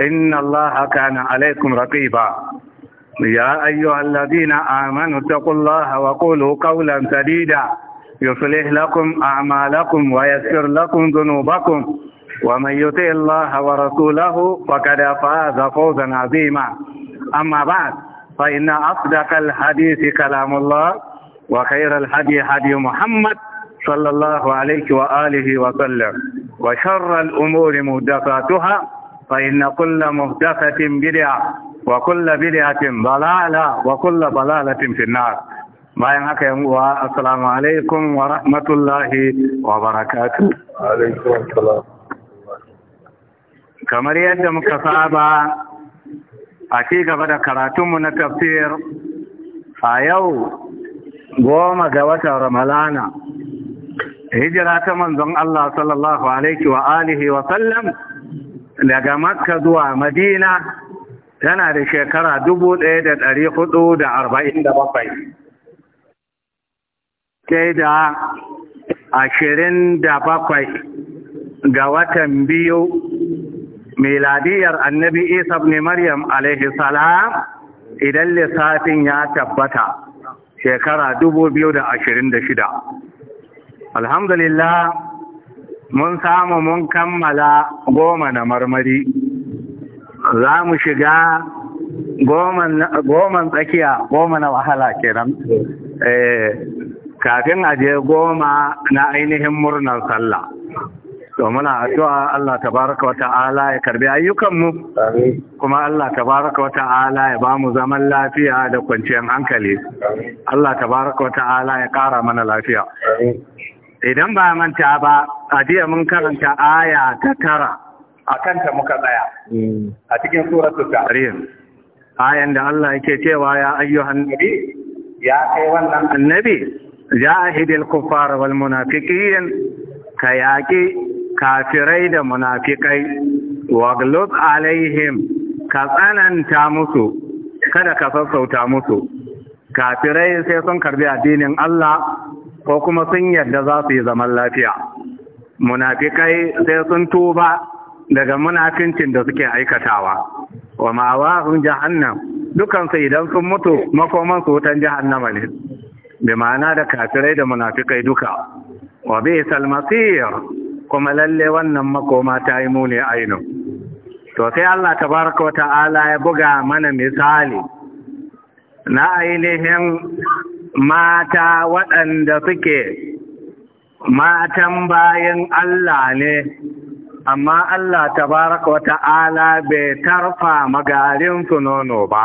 إن الله كان عليكم رقيبا يا أيها الذين آمنوا اتقوا الله وقولوا قولا سديدا يصلح لكم أعمالكم ويسر لكم ذنوبكم ومن يطع الله ورسوله فقد فاز فوزا عظيما أما بعد فإن أصدق الحديث كلام الله وخير الحدي حدي محمد صلى الله عليه وآله وسلم وشر الأمور مهدفاتها فإن كل مهدفة بدعة وكل بدعة ضلالة وكل ضلالة في النار ما ينحك يموها السلام عليكم ورحمة wa وبركاته عليكم السلام kamar yadda muka saba a ci gaba da karatunmu na tafsir a yau goma ga watan ramalana hijira ta manzon Allah sallallahu alaihi wa alihi wa sallam daga makka zuwa madina tana da shekara dubu ɗaya da ɗari hudu da arba'in da bakwai sai da ashirin da bakwai ga watan biyu miladiyar annabi isa ne maryam alaihi salam idan lissafin ya tabbata shekara dubu biyu da ashirin da shida alhamdulillah mun samu mun kammala goma na marmari za mu shiga goma tsakiya goma na wahala nan, eh, kafin a je goma na ainihin murnar sallah to muna addu'a Allah tabaraka wa ta'ala ya karbi ayyukanmu kuma Allah tabaraka wa ta'ala ya bamu zaman lafiya da kwanciyar hankali Allah tabaraka wa ta'ala ya kara mana lafiya idan ba manta ba a jiya mun karanta aya ta tara a kanta muka tsaya hmm. a cikin suratul tahrim ayan da Allah yake cewa ya ayyuhan nabi ya kai wannan annabi jahidil kuffar wal munafiqin ka yaƙi. kafirai da munafikai glub alaihim ka tsananta musu kada ka sassauta musu kafirai sai sun karbi addinin Allah ko kuma sun yadda za su yi zaman lafiya munafikai sai sun tuba daga munafincin da suke aikatawa wa ma'awahun jahannam dukansu idan sun mutu makoman su wutan jahannama ne bi ma'ana da kafirai da munafikai duka wa bi salmasir kuma lalle wannan makoma ta yi muni ainu to sai Allah tabaraka wa ta'ala ya buga mana misali na ainihin mata waɗanda suke matan bayan Allah ne amma Allah ta baraka wata'ala bai tarfa magarinsu nono ba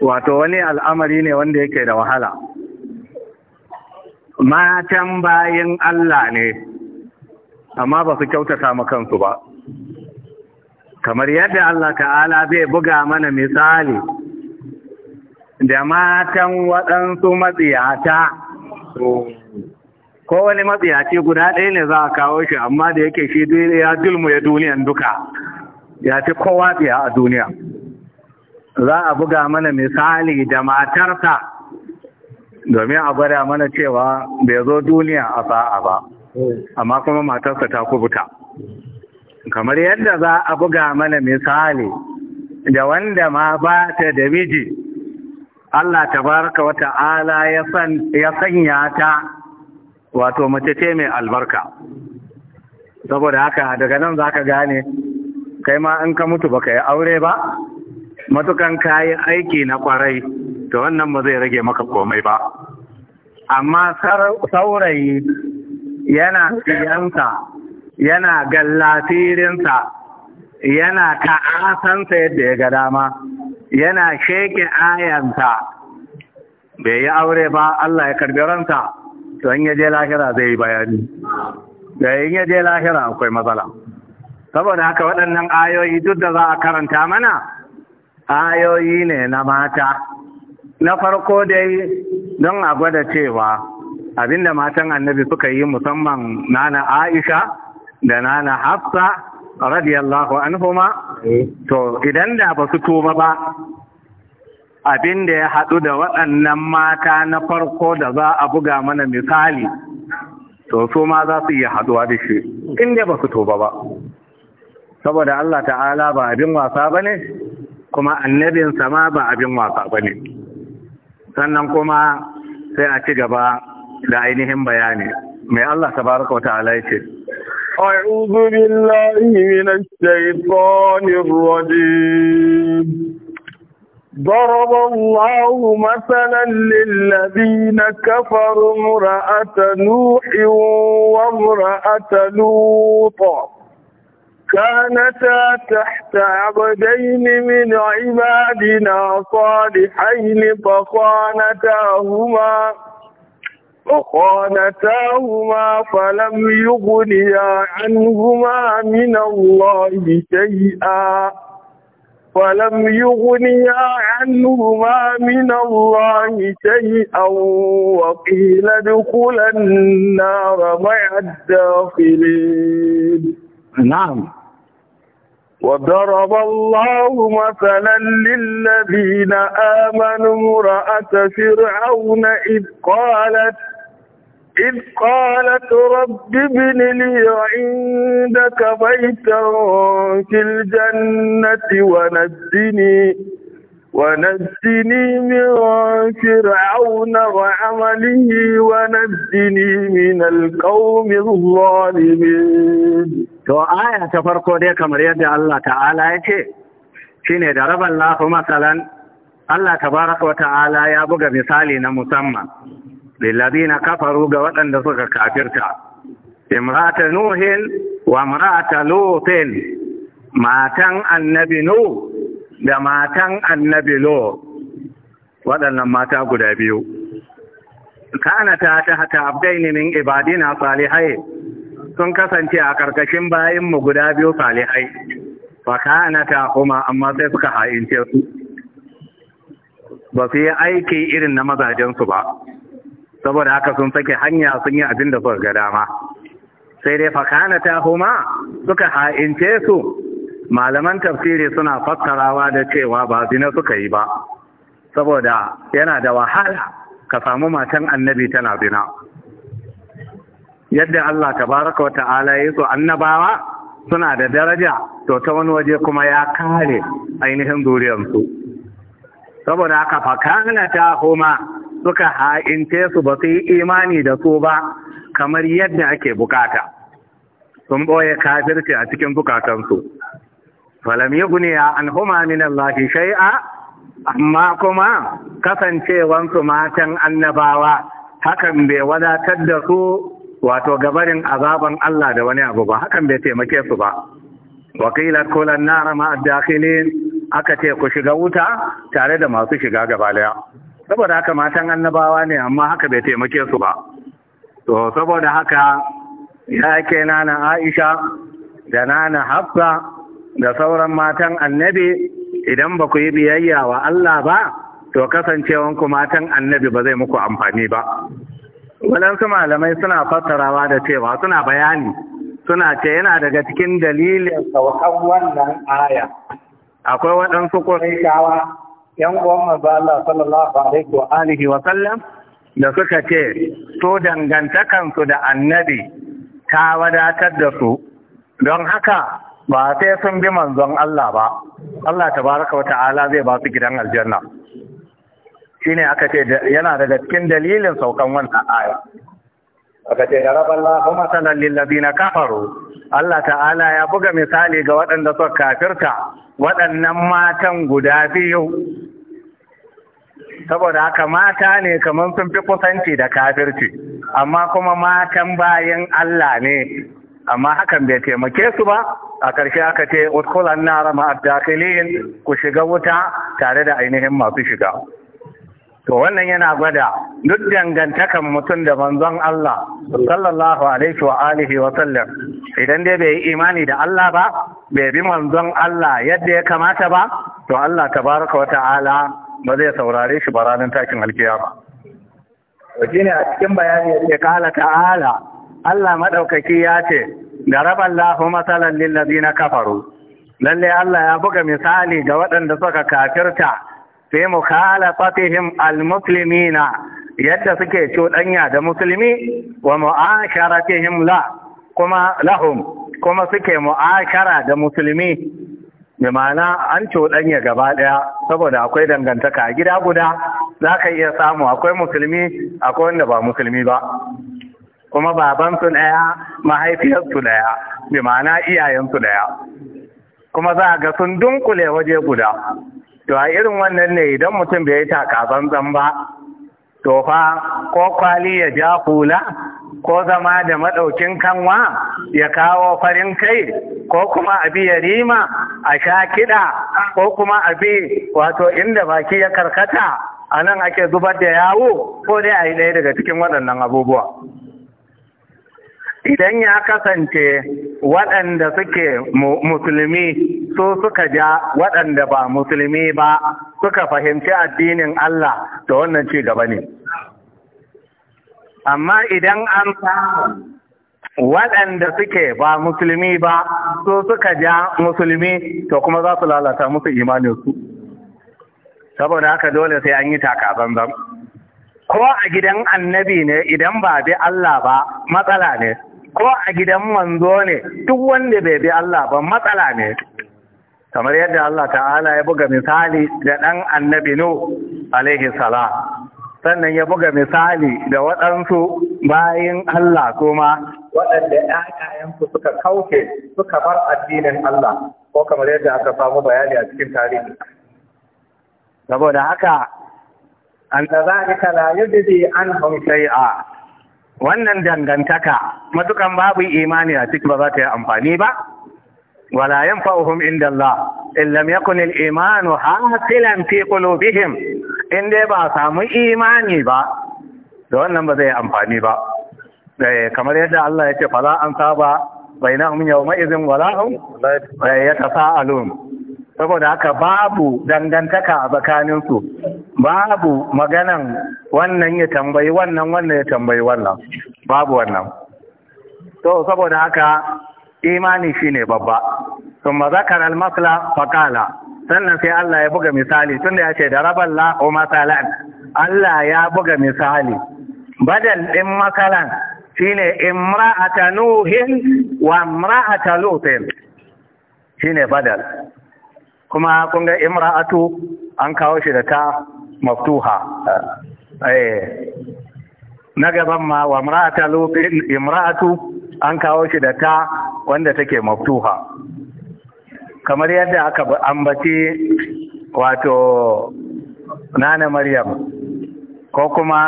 wato wani al'amari ne wanda yake da wahala matan bayan Allah ne amma ba su kyautata kansu ba kamar yadda Allah ta'ala bai buga mana misali da matan waɗansu matsiyata Ko wani matsiyaci guda ɗaya ne za a kawo shi amma da yake shi ya dulmu ya duniyan duka ya fi kowa tsiya a duniya za a buga mana misali da matarsa domin a gwada mana cewa bai zo duniya a sa'a ba amma kuma matarsa ta kubuta kamar yadda za a buga mana misali da wanda ma ba ta da miji Allah Ta tabaraka wata Ala ya sanya ta wato mace ce mai albarka saboda haka daga nan za ka gane kai ma in ka mutu baka yi aure ba matukan kayi aiki na kwarai to wannan ba zai rage maka komai ba amma saurayi yana siyansa yana gallatirinsa yana ta'asansa yadda ya ga dama yana sheke ayansa bai yi aure ba Allah ya karbi ranta to in yaje lahira zai yi bayani da in yaje lahira akwai matsala saboda haka waɗannan ayoyi duk da za a karanta mana ayoyi ne na mata na farko dai don a gwada cewa abinda matan annabi suka yi musamman nana Aisha da nana Hafsa radiyallahu anhuma eh. to idan da ba su tuba ba abin da ya haɗu da waɗannan mata na farko da za a buga mana misali to su ma za su iya haɗuwa da shi inda ba su tuba ba saboda Allah ta'ala ba abin wasa ba ne kuma annabinsa ma ba abin wasa ba ne sannan kuma sai a ci gaba da ainihin bayani mai Allah tabaraka wa ta'ala ya ce أعوذ بالله من الشيطان الرجيم ضرب الله مثلا للذين كفروا امرأة نوح وامرأة لوط كانتا تحت عبدين من عبادنا صالحين فخانتاهما وخانتاهما فلم يغنيا عنهما من الله شيئا فلم يغنيا عنهما من الله شيئا وقيل ادخلا النار مع الداخلين نعم وضرب الله مثلا للذين آمنوا امرأة فرعون إذ قالت إذ قالت رب ابن لي عندك بيتا في الجنة ونجني ونجني من فرعون وعمله ونجني من القوم الظالمين to aya ta farko dai kamar yadda Allah ta'ala ya ce shine da raballahu masalan Allah tabaraka ta'ala ya buga misali na musamman na kafaru ga waɗanda suka kafirta imrata nuhin wa imrata lutin matan annabi nu da matan annabi lo waɗannan mata guda biyu Kana ta hata abdaini min ibadina salihai sun kasance a karkashin bayanmu guda biyu salihai fa ta kuma amma sai suka ha'ince su ba su yi aiki irin na mazajensu ba saboda haka sun sake hanya sun yi abin da suka ga dama sai dai fakana ta huma suka ha'ince su malaman tafsiri suna fassarawa da cewa ba zina suka yi ba saboda yana da wahala ka samu matan annabi tana zina yadda Allah tabaraka wa ta'ala ya so annabawa suna da daraja to ta wani waje kuma ya kare ainihin zuriyarsu saboda haka fakana ta huma suka ha'ince su ba su yi imani da su ba kamar yadda ake bukata sun ɓoye kafirci a cikin bukatansu falam an anhuma min Allah shai'a, amma kuma kasancewansu matan annabawa hakan bai wadatar da su wato gabarin azaban Allah da wani abu ba hakan bai taimake su ba wakilar kolan nara ma'ad dakhilin aka ce ku shiga wuta tare da masu shiga gaba daya saboda haka matan annabawa ne amma haka bai taimake su ba to saboda haka ya ke nana aisha da nana hafsa da sauran matan annabi idan ba ku yi biyayya wa Allah ba to kasancewanku matan annabi ba zai muku amfani ba waɗansu malamai suna fassarawa da cewa suna bayani suna ce yana daga cikin dalilin saukan wannan aya akwai waɗansu ƙuraishawa yan uwan maza Allah sallallahu alaihi wa alihi wa sallam da suka ce to dangantakansu da annabi ta wadatar da su don haka ba sai sun bi manzon Allah ba Allah tabaraka wata'ala zai ba su gidan aljanna shine aka ce yana daga cikin dalilin saukan wannan aya aka ce daraballahu masalan na kafaru Allah ta'ala ya buga misali ga waɗanda suka kafirta waɗannan matan guda biyu saboda haka mata ne kamar sun fi kusanci da kafirci amma kuma matan bayan Allah ne amma hakan bai taimake su ba a ƙarshe aka ce utkulan nara ma'ad ku shiga wuta tare da ainihin masu shiga to wannan yana gwada duk dangantakan mutum da manzon Allah sallallahu alaihi wa alihi wa sallam idan dai bai yi imani da Allah ba bai bi manzon Allah yadda ya kamata ba to Allah tabaraka wa ta'ala ba zai saurare shi ba takin alkiyama shine a cikin bayani ya kala ta'ala Allah madaukaki ya ce daraba Allahu masalan lil ladina kafaru lalle Allah ya buga misali ga waɗanda suka kafirta Sai fi mukhalafatihim almuslimina yadda suke cuɗanya da musulmi wa mu'asharatihim la kuma lahum kuma suke mu'ashara da musulmi Mai ma'ana an cuɗanya gaba ɗaya saboda akwai dangantaka gida guda za ka iya samu akwai musulmi akwai wanda ba musulmi ba kuma babansu ɗaya mahaifiyarsu ɗaya bi ma'ana iyayensu ɗaya kuma za a ga sun dunkule waje guda to a irin wannan ne idan mutum bai yi takatsantsan ba to fa ko kwali ya ja kula ko zama da maɗaukin kanwa ya kawo farin kai ko kuma abi ya rima a sha kiɗa ko kuma abi wato inda baki ya karkata a nan ake zubar da yawo ko dai a yi ɗaya daga cikin waɗannan abubuwa idan ya kasance waɗanda suke musulmi su suka ja waɗanda ba musulmi ba suka fahimci addinin Allah da wannan ci gaba ne. Amma idan an samu waɗanda suke ba musulmi ba su suka ja musulmi to kuma za su lalata musu imaninsu. Saboda haka dole sai an yi taka takazanzan. Ko a gidan annabi ne idan ba bi Allah ba matsala ne. ko a gidan manzo ne duk wanda bai bi Allah ba matsala ne kamar yadda Allah ta'ala ya buga misali da ɗan annabi nu alaihi salam sannan ya buga misali da waɗansu bayin Allah kuma waɗanda ‘ya'yayensu suka kauke suka bar addinin Allah ko kamar yadda aka samu bayani a cikin tarihi saboda haka an da za ka la an anhum shay'a wannan dangantaka matukan babu imani a ciki ba za ta yi amfani ba wala yanfa'uhum inda Allah in lam yakun al-imanu hasilan fi qulubihim in dai ba samu imani ba da wannan ba zai amfani ba eh, kamar yadda Allah ya ce fala an saba bai na bainahum yau ma’izin wala ta sa’alun saboda haka babu dangantaka a tsakaninsu babu maganan wannan ya tambayi wannan wannan ya tambayi wannan babu wannan to saboda haka imani shine babba thumma zakara al-masla faqala sannan sai Allah ya buga misali tunda ya ce da la o masalan Allah ya buga misali badal din masalan shine imra'ata nuhin wa imra'ata lutin shine badal kuma kun ga imra'atu an kawo shi da ta مفتوحة ايه نقبا ما وامرأة لوط امرأة أنك أوشد تا وأنت تكي مفتوحة kamar yadda aka ambaci wato nana maryam ko kuma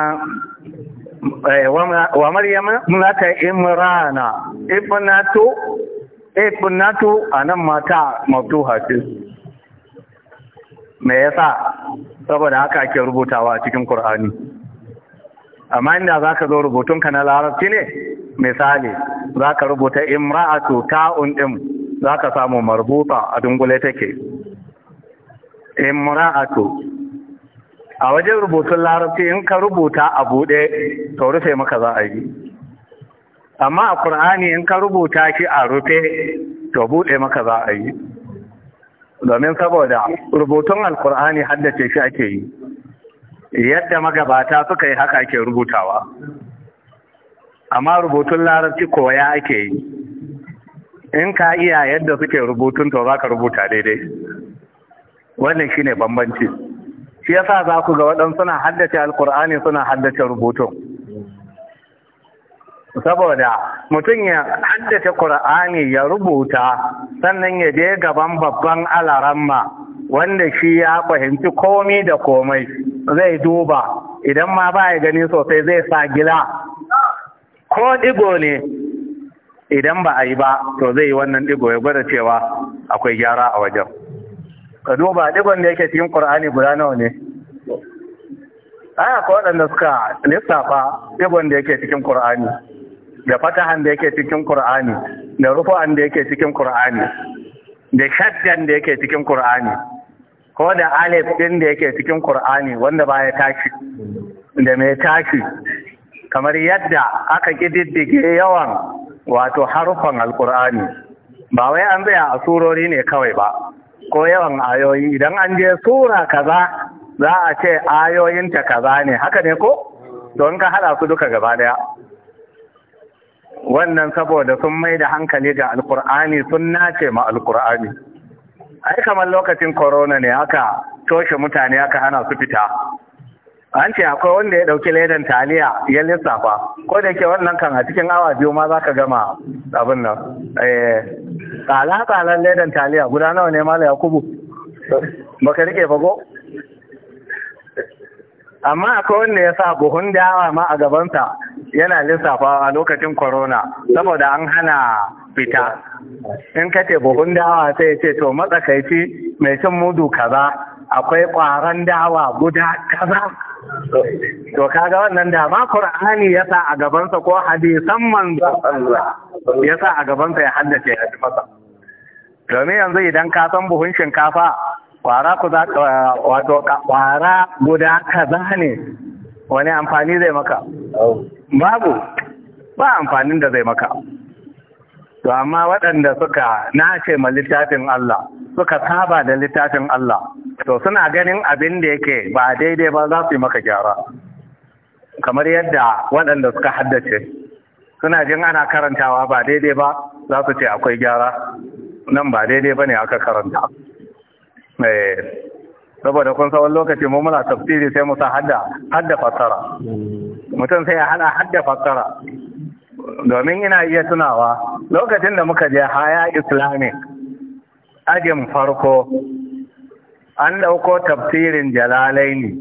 wa maryam mata imrana ibnatu ibnatu anan mata maftuha ce me yasa saboda haka ake rubutawa a cikin Kur'ani. Amma inda za ka zo rubutunka na larabci ne, misali, za ka rubuta imra'atu ta'un ɗin za ka samu marbuta a dungule take. Imra'atu. A wajen rubutun larabci in ka rubuta a buɗe, to rufe maka za a yi. Amma a Kur'ani in ka rubuta shi a rufe, to buɗe maka za a yi. domin saboda rubutun alkur'ani haddace shi ake yi yadda magabata suka yi haka ake rubutawa amma rubutun larabci ko ya ake yi in ka iya yadda suke rubutun to za ka rubuta daidai wannan shine bambanci shi yasa za ku ga waɗansu suna haddace alkur'ani suna haddace rubutun saboda mutum ya haddace Kur'ani ya rubuta sannan ya je gaban babban alaramma wanda shi ya fahimci komi da komai zai duba idan ma ba ya gani sosai zai sa gila ko digo ne idan ba a yi ba to zai yi wannan digo ya gwada cewa akwai gyara a wajen ka duba digon da yake cikin Kur'ani guda nawa ne aya ko waɗanda suka lissafa digon da yake cikin Kur'ani da fatahan da yake cikin Qur'ani da rufa'an da yake cikin Qur'ani da shaddan da yake cikin Qur'ani ko da alif din da yake cikin Qur'ani wanda ba ya tashi da mai tashi kamar yadda aka kididdige yawan wato harufan alkur'ani ba wai an tsaya a surori ne kawai ba ko yawan ayoyi idan an je sura kaza za a ce ayoyinta kaza ne haka ne ko don ka hada su duka gaba daya wannan saboda sun mai da hankali ga alkur'ani sun nace ma alkur'ani ai kamar lokacin korona ne aka toshe mutane aka hana su fita an ce akwai wanda ya dauki ledan taliya ya lissafa ko da ke wannan kan a cikin awa biyu ma za ka gama abin nan eh, tsala-tsalan ledan taliya guda nawa ne mala yakubu baka rike fago amma akwai wanda ya sa buhun dawa ma a gabansa yana lissafawa lokacin korona saboda an hana fita in ka ce buhun dawa sai ce to matsakaici mai cin mudu kaza akwai kwaran dawa guda kaza to kaga wannan da ma qur'ani ya sa a gabansa ko hadisan manzo ya sa a gabansa ya haddace ya ji masa domin yanzu idan ka san buhun shinkafa kwara kuza wato kwara guda kaza ne wani amfani zai maka babu ba amfanin da zai maka to amma waɗanda suka nace ma littafin Allah suka saba da littafin Allah to suna ganin abin da yake ba daidai ba za su yi maka gyara kamar yadda waɗanda suka haddace suna jin ana karantawa ba daidai ba za su ce akwai gyara nan ba daidai ba ne aka karanta eh. saboda kun sa lokaci mu muna tafsiri sai mu sa hadda hadda fassara mm. mutum sai ya hada hadda fassara domin ina iya tunawa lokacin da muka je haya islamic ajin farko an dauko tafsirin jalalaini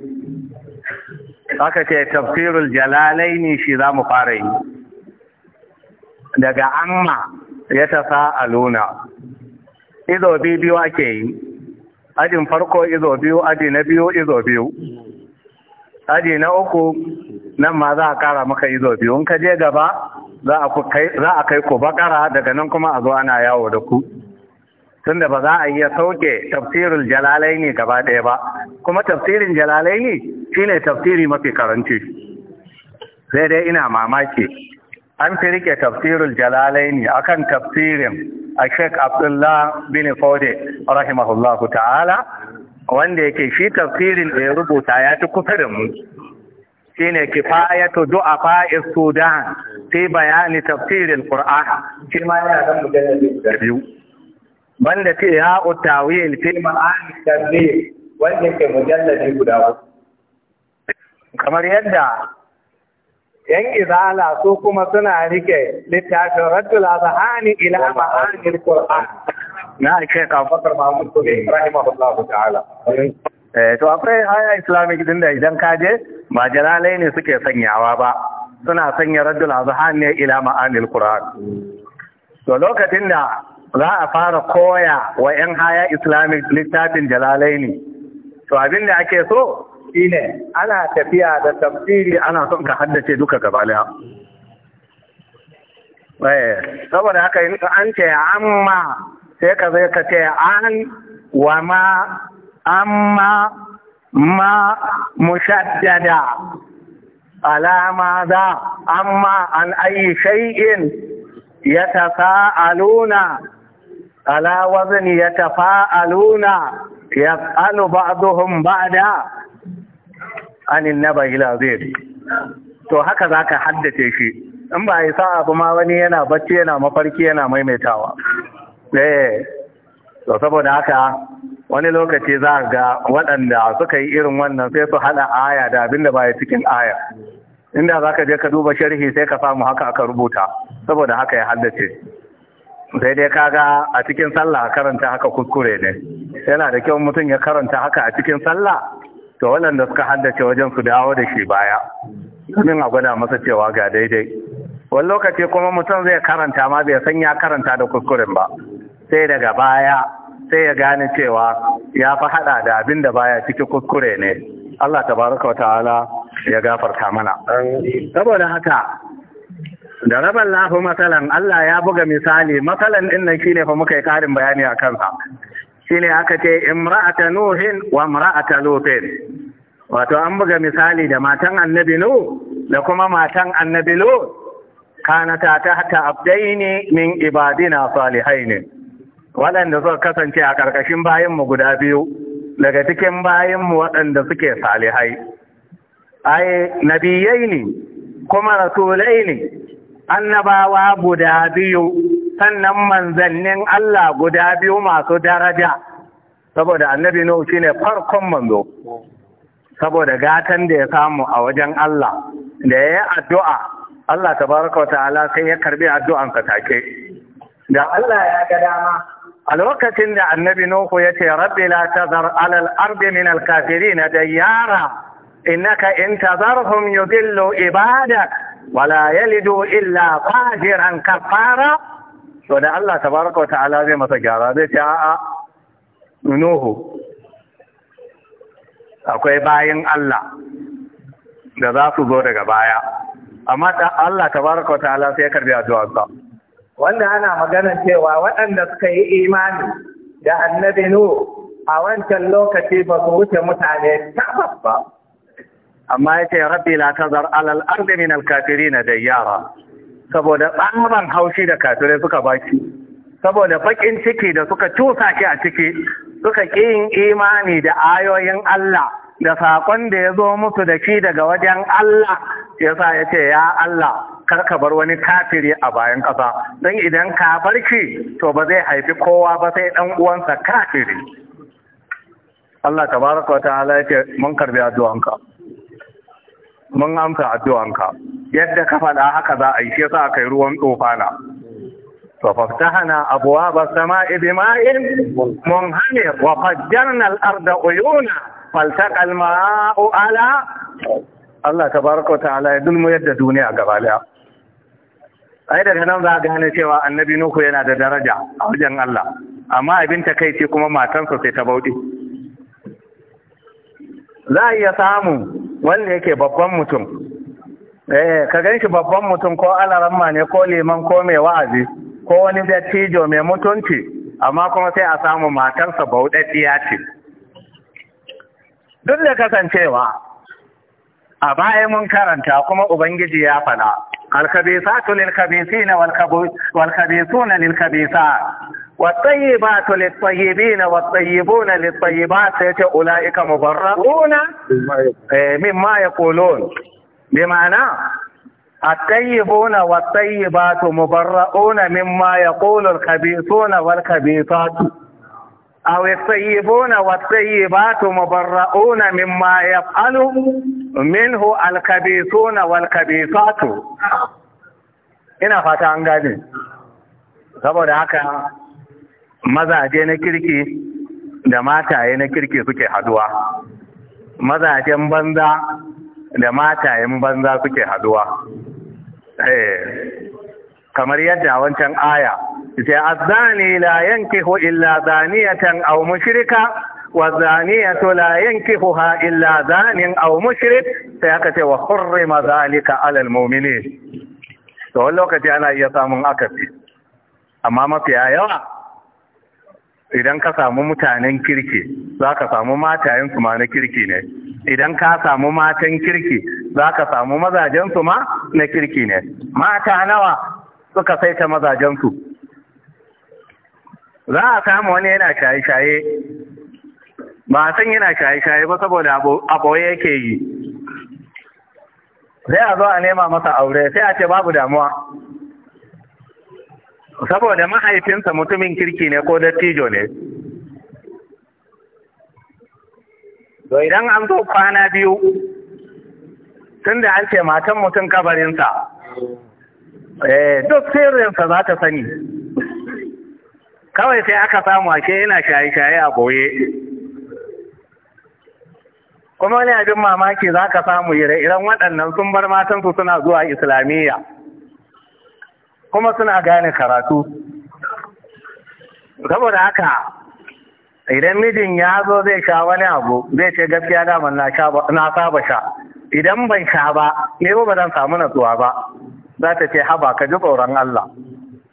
aka ce tafsirul jalalaini shi za mu fara yi daga amma ya tasa aluna ido bibiyu ake yi ajin farko izo biyu aji na biyu izo biyu aji na uku nan ma za a kara maka izo biyu in ka je gaba za a kai ku bakara daga nan kuma a zo ana yawo da ku tunda ba za a iya sauke tafsirin jalalai ne gaba ɗaya ba kuma tafsirin jalalai ne shine tafsiri mafi karanci sai dai ina mamaki an fi rike tafsirin jalalai ne akan tafsirin a Sheikh Abdullah bin Faude rahimahullahu ta'ala wanda yake shi tafsirin da ya rubuta ya ci kusa da mu shine kifayatu du'afa Sudan fi bayani tafsirin Qur'an shi ma yana da mujalladi da biyu banda ce ya utawil fi ma'ani tabli wanda ke mujalladi guda uku kamar yadda yan izala su kuma suna rike littafin raddul azhani ila ma'anil qur'an na sheikh abubakar mahmud ibrahim abu ta'ala eh, to akwai aya islamic din da idan ka je ba jalalai ne suke sanyawa ba suna sanya raddul azhan ne ila ma'anil qur'an to lokacin da za a fara koya wa yan haya islamic littafin jalalai ne to abin da ake so ne ana tafiya da tafsiri ana son ka haddace duka gaba daya eh, saboda haka in an ce amma sai ka zai ka ce an wa ma amma ma mushaddada alama za amma an ayi shay'in yatasaaluna ala wazni yatafaaluna yas'alu ba ba'da anin naba ila zai to haka za ka haddace shi in ba yi sa'a kuma wani yana bacci yana mafarki yana maimaitawa eh to saboda haka wani lokaci za a ga waɗanda suka yi irin wannan sai su haɗa aya da abin da ya cikin aya inda za ka je ka duba sharhi sai ka samu haka aka rubuta saboda haka ya haddace sai dai kaga a cikin sallah karanta haka kuskure ne yana da kyau mutum ya karanta haka a cikin sallah to waɗanda suka haddace wajen su dawo da shi baya domin a gwada masa cewa ga daidai wani lokaci kuma mutum zai karanta ma bai san ya karanta da kuskuren ba sai daga baya sai ya gane cewa ya fi hada da abin da baya cikin kuskure ne Allah Ta wa ta'ala ya gafarta mana saboda haka da rabar lafi matsalan Allah ya buga misali matsalan din nan shine fa muka yi karin bayani a kansa ne aka ce imra'ata nuhin wa imra'ata lutin wato an buga misali da matan annabi nu da kuma matan annabi lut kanata tahta abdaini min ibadina ne? waɗanda suka kasance a ƙarƙashin bayanmu guda biyu daga cikin bayanmu waɗanda suke salihai ai nabiyai ne kuma rasulai ne annabawa guda biyu sannan manzannin Allah guda biyu masu daraja saboda annabi Nuhu shine farkon manzo saboda gatan da ya samu a wajen Allah da ya yi addu'a Allah tabaraka wa ta'ala sai ya karbi addu'ansa take da Allah ya ga dama a lokacin da annabi Nuhu ya ce rabbi la tazar alal ardi min al kafirin dayyara innaka in tazarhum yudillu ibadak wala yalidu illa fajiran kafara to da Allah baraka wa ta'ala zai masa gyara zai ce a'a nuhu akwai bayan Allah da za su zo daga baya amma Allah Ta baraka wa ta'ala sai ya karbi addu'arsa wanda ana magana cewa waɗanda suka yi imani da annabi nuhu a wancan lokaci ba su wuce mutane ta ba amma yace rabbi la tazar alal ardi min al kafirin dayyara saboda tsaban haushi da kafirai suka baki saboda baƙin ciki da suka cusa shi a ciki suka ƙi yin imani da ayoyin Allah da saƙon da ya zo musu da shi daga wajen Allah ya sa ya ce ya Allah kar ka bar wani kafiri a bayan ƙasa don idan ka bar shi to ba zai haifi kowa ba sai ɗan uwansa kafiri Allah tabaraka wa ta'ala ya ce mun karbi addu'anka mun amsa addu'anka yadda ka faɗa haka za a yi shi yasa kai ruwan tsofana to faftahana abwaaba samaa'i bima'in munhani wa fajjarna al-arda uyuna faltaqa al-ma'u ala Allah tabaaraka wa ta'ala ya dulmu yadda duniya gabaliya ai daga nan za ga gane cewa annabi Nuhu yana da daraja a wajen Allah amma abin ta ce kuma matansa sai ta bauɗe za a iya samu wanda yake babban mutum eh ka gan shi babban mutum ko alaramma ne ko liman ko mai wa'azi ko wani dattijo mai mutunci amma kuma sai a samu matarsa bauɗaɗɗiya ce duk da kasancewa a baya mun karanta kuma ubangiji ya fada alkabisatu lilkabisina walkabisuna kabisa والطيبات للطيبين والطيبون للطيبات أولئك مبرؤون إيه، مما يقولون بمعنى الطيبون والطيبات مبرؤون مما يقول الخبيثون والخبيثات أو الطيبون والطيبات مبرؤون مما يفعل منه الخبيثون والخبيثات ina fata an gane saboda haka mazaje na kirki da mataye na kirki suke haduwa mazajen banza da matayen banza suke haduwa eh, kamar yadda wancan aya sai azani la yankihu illa zaniyatan aw mushrika wa zaniyatu la yankihuha illa zanin aw mushrik sai aka ce wa hurrima zalika al mu'minin to wani lokaci ana iya samun akasi amma mafiya yawa idan ka samu mutanen kirki za ka samu matayen su ma na kirki ne idan ka samu matan kirki za ka samu mazajen su ma na kirki ne mata nawa suka saita mazajen su za a samu wani yana shaye-shaye ba san yana shaye-shaye ba saboda aboye yake yi sai a zo a nema masa aure sai a ce babu damuwa saboda mahaifinsa mutumin kirki ne ko dattijo ne to idan an zo kwana biyu tun da an ce matan mutum kabarinsa eh duk sirrinsa za ta sani kawai sai aka samu ake yana shaye-shaye a goye kuma wani abin mamaki za ka samu ire-iren waɗannan sun bar matansu suna zuwa islamiyya kuma suna gane karatu saboda haka idan mijin ya zo zai sha wani abu zai ce gaskiya daman na saba sha idan ban sha ba ne ba zan samu natsuwa ba za ta ce haba ka ji tsoron Allah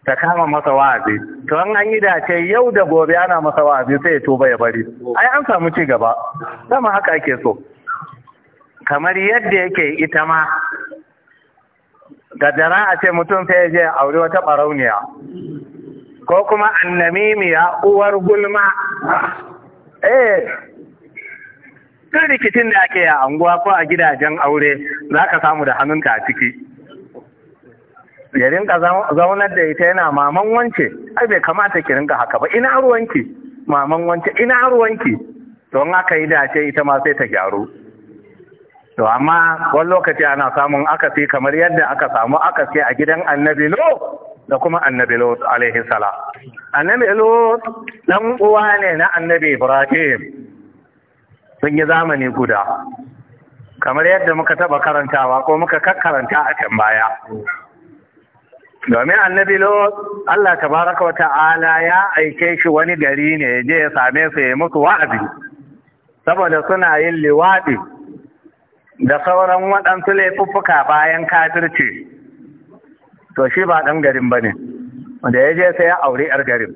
ta kama masa wa'azi to an an yi dace yau da gobe ana masa wa'azi sai ya tuba ya bari ai an samu ci gaba dama haka ake so kamar yadda yake ita ma gajara a ce mutum sai je aure wata barauniya ko kuma annamimiya uwar gulma eh duk rikicin da ake a anguwa ko a gidajen aure za ka samu da hannunka a ciki ya rinka zaunar da ita yana maman wance ai bai kamata ki rinka haka ba ina ruwanki maman wance ina ruwanki don haka yi da ita ma sai ta gyaru to amma wani lokaci ana samun akasi kamar yadda aka samu akasi a gidan annabi lo da kuma annabi lo alaihi sala. annabi lo ɗan uwa ne na annabi ibrahim sun yi zamani guda kamar yadda muka taba karantawa ko muka kakkaranta a can baya domin annabi lo Allah tabaraka wa ta'ala ya aike shi wani gari ne je ya same su ya musu wa'azi saboda suna yin liwaɗi da sauran waɗansu laifuffuka bayan kafirci to shi ba ɗan garin ba ne da ya je sai ya aure ‘yar garin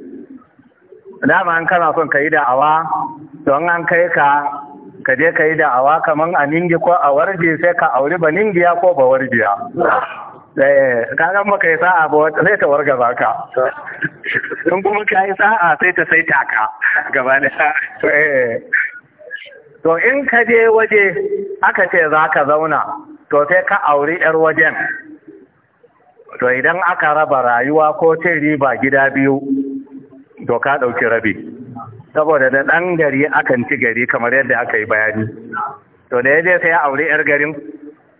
dama an kana son ka yi da'awa don an kai ka ka je ka yi da'awa kamar a ningi ko a warje sai ka auri ba ningiya ko ba warjiya eh, kagan ka yi sa'a ba sai ta warga ba ka in kuma ka yi sa'a sai ta sai taka gaba da to in ka je waje aka ce za ka zauna to sai ka auri 'yar wajen to idan aka raba rayuwa ko ce riba gida biyu to ka ɗauki rabi saboda da ɗan gari akan ci gari kamar yadda aka yi bayani to da ya je sai ya auri 'yar garin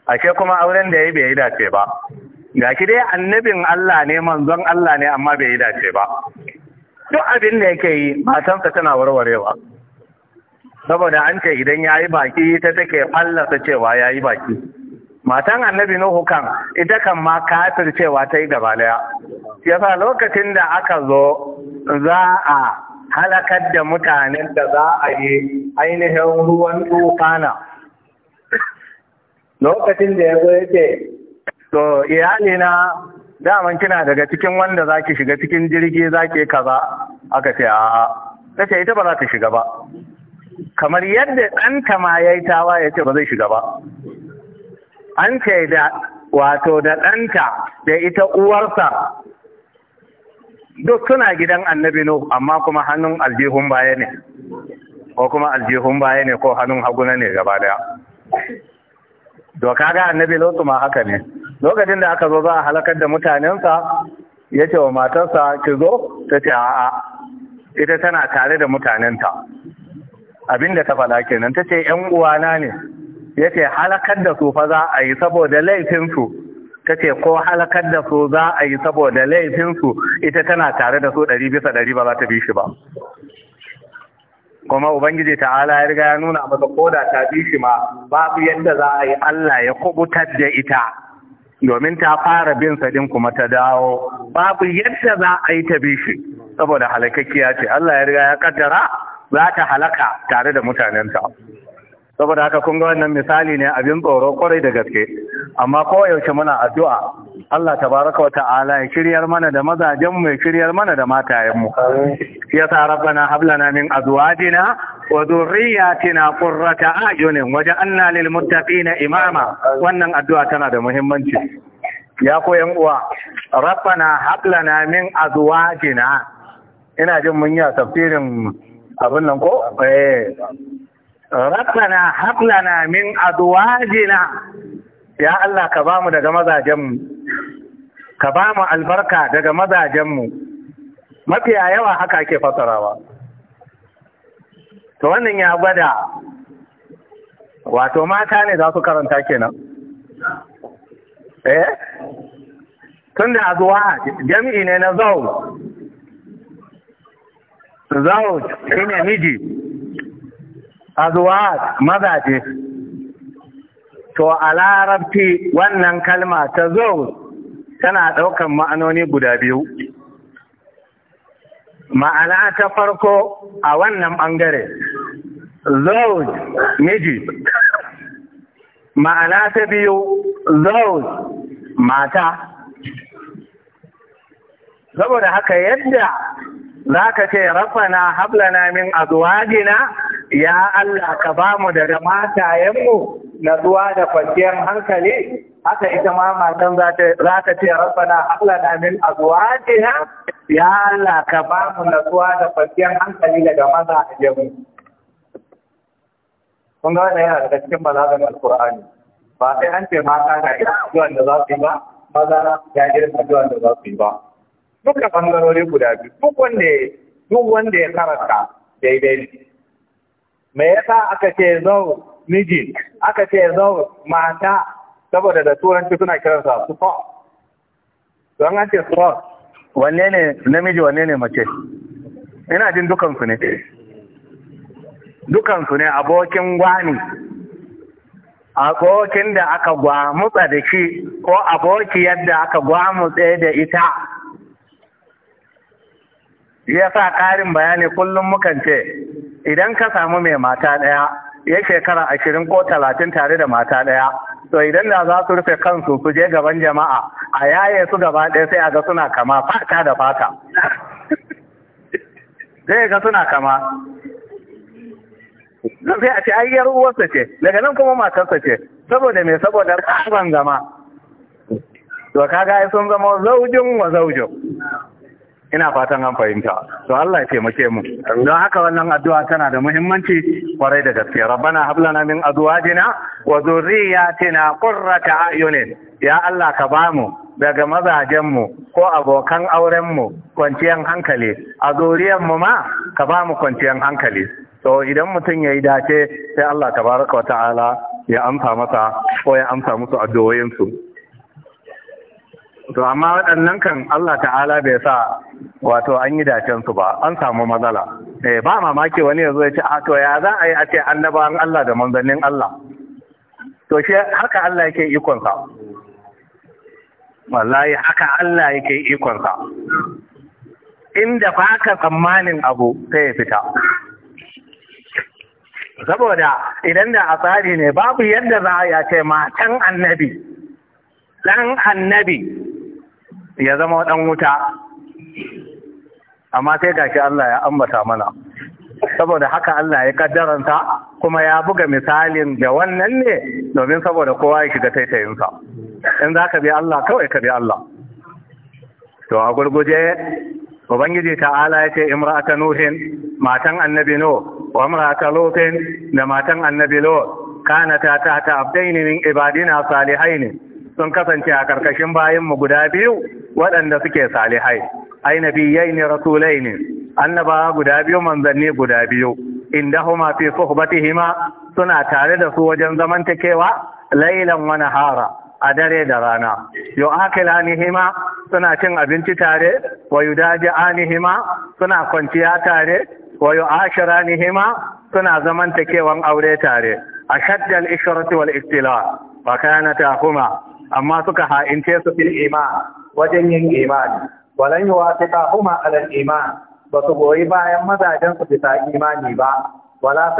ashe kuma auren da ya bai dace ba ga ki dai annabin Allah ne manzon Allah ne amma bai yi dace ba duk abin da yake yi matansa tana warwarewa saboda an ce idan ya yi baki ta take fallasa cewa ya yi baki matan annabi nuhu kan ita kan ma kafir cewa ta yi gaba daya yasa lokacin da aka zo za a halakar da mutanen da za a yi ainihin ruwan tufana lokacin da ya zo ya ce to na daman kina daga cikin wanda za ki shiga cikin jirgi za ki kaza aka ce a'a ta ce ita ba za ta shiga ba kamar yadda ɗanta ma ya yi tawa ya ce ba zai shiga ba an ce da wato da ɗanta da ita uwarsa duk suna gidan annabi no amma kuma hannun aljihun baya ne ko kuma aljihun baya ne ko hannun haguna ne gaba daya Doka ga annabi lotu ma haka ne lokacin da aka zo za a halakar da mutanensa ya ce wa matarsa ki zo ta ce a'a ita tana tare da mutanenta abinda ta faɗa kenan ta ce ‘yan uwana ne ya ce halakar da su fa za a yi saboda laifinsu ta ce ko halakar da su za a yi saboda laifinsu ita tana tare da su ɗari bisa ɗari ba za ta bi shi ba kuma ubangiji ta'ala ya riga ya nuna masa ko da ta bi shi ma babu yadda za a yi Allah ya kubutar da ita domin ta fara bin sa din kuma ta dawo babu yadda za a yi ta bi shi saboda halakakkiya ce Allah ya riga ya kaddara za ta halaka tare da mutanenta saboda haka kun ga wannan misali ne abin tsoro kwarai da gaske amma koyaushe muna addu'a Allah tabaraka wa ta'ala ya shiryar mana da mazajen mu ya shiryar mana da matayen mu ya sa rabbana hab na min azwajina wa dhurriyyatina qurrata a'yunin waj'alna lil muttaqina imama wannan addu'a tana da muhimmanci ya koyan uwa rabbana min azwajina ina jin mun yi tafsirin abin nan ko eh rabbana hab lana min jina. ya Allah ka bamu daga mazajenmu ka mu albarka daga mazajenmu mafiya yawa haka ake fasarawa to wannan ya gwada wato mata ne za su karanta kenan eh tunda azuwa jami'i ne na zau zawaj shi ne miji zuwa mazaje to a larabci wannan kalma ta zo tana ɗaukan ma'anoni guda biyu ma'ana ta farko a wannan ɓangare zawaj miji ma'ana ta biyu zawaj mata saboda haka yadda za ka ce rabbana hablana min azwajina ya Allah ka ba mu daga matayenmu na zuwa da kwanciyar hankali haka ita ma matan za ka ce rabbana hablana min azwajina ya Allah ka ba mu zuwa da kwanciyar hankali daga maza a jami kun ga wani yana daga cikin malamin alkur'ani ba sai an ce mata ga irin addu'an da za su yi ba maza ga irin addu'an da za su yi ba duka bangarori guda biyu duk wanda duk wanda ya karanta daidai ne me yasa aka ce zau miji aka ce zau mata saboda da turanci suna kiransa su fa don an ce su wanne ne namiji wanne ne mace ina jin dukansu ne dukansu ne abokin gwani abokin da aka gwamutsa da shi ko aboki yadda aka gwamutse da ita ya sa ƙarin bayani kullum mukan ce idan ka samu mai mata ɗaya ya shekara ashirin ko talatin tare da mata ɗaya to idan da za su rufe kansu su je gaban jama'a a yaye su gaba ɗaya sai a ga suna kama fata da fata zai ga suna kama zan sai a ce ai yar uwarsa ce daga nan kuma matarsa ce saboda me saboda tsaban zama to kaga sun zama zaujin wa zaujin ina fatan an fahimta to Allah ya taimake mu don haka wannan addu'a tana da muhimmanci kwarai da gaske rabbana hab lana min azwajina wa dhurriyyatina qurrata a'yunin ya Allah ka bamu daga mazajen mu ko abokan auren mu kwanciyar hankali a mu ma ka bamu kwanciyar hankali to idan mutum yayi dace sai Allah tabaraka wa ta'ala ya amsa masa ko ya amsa musu addu'o'insu to amma waɗannan kan Allah ta'ala bai sa wato an yi dacen su ba an samu matsala eh, ba mamaki wani yazo ya ce a ah, to ya za a yi a ce annabawan Allah da manzannin Allah to shi haka Allah yake ikon sa wallahi haka Allah yake ikon sa inda ba ka tsammanin abu sai ya fita saboda idan da a tsari ne babu yadda za a a ce matan annabi Dan annabi ya zama ɗan wuta amma sai gashi Allah ya ambata mana saboda haka Allah ya kaddaranta kuma ya buga misalin da wannan ne domin saboda kowa ya shiga taitayinsa in za ka bi Allah kawai ka bi Allah to a gurguje ubangiji ta'ala ya ce imra'ata nuhin matan annabi no wa imra'ata lutin da matan annabi lot kana ta ta abdaini min ibadina salihaini sun kasance a ƙarƙashin bayanmu guda biyu waɗanda suke salihai ai nabiyai ne rasulai ne annaba guda biyu manzanni guda biyu inda huma fi suhbatihima suna tare da su wajen zamantakewa lailan wa nahara a dare da rana nihima suna cin abinci tare wa yudaji'anihima suna kwanciya tare wa nihima suna zamantakewan aure tare A Shaddal ishrati wal ittila wa kanata huma amma suka ha'ince su fil iman wajen yin imani walan yuwafiqahuma ala alal iman ba su goyi bayan mazajen su fita imani ba wala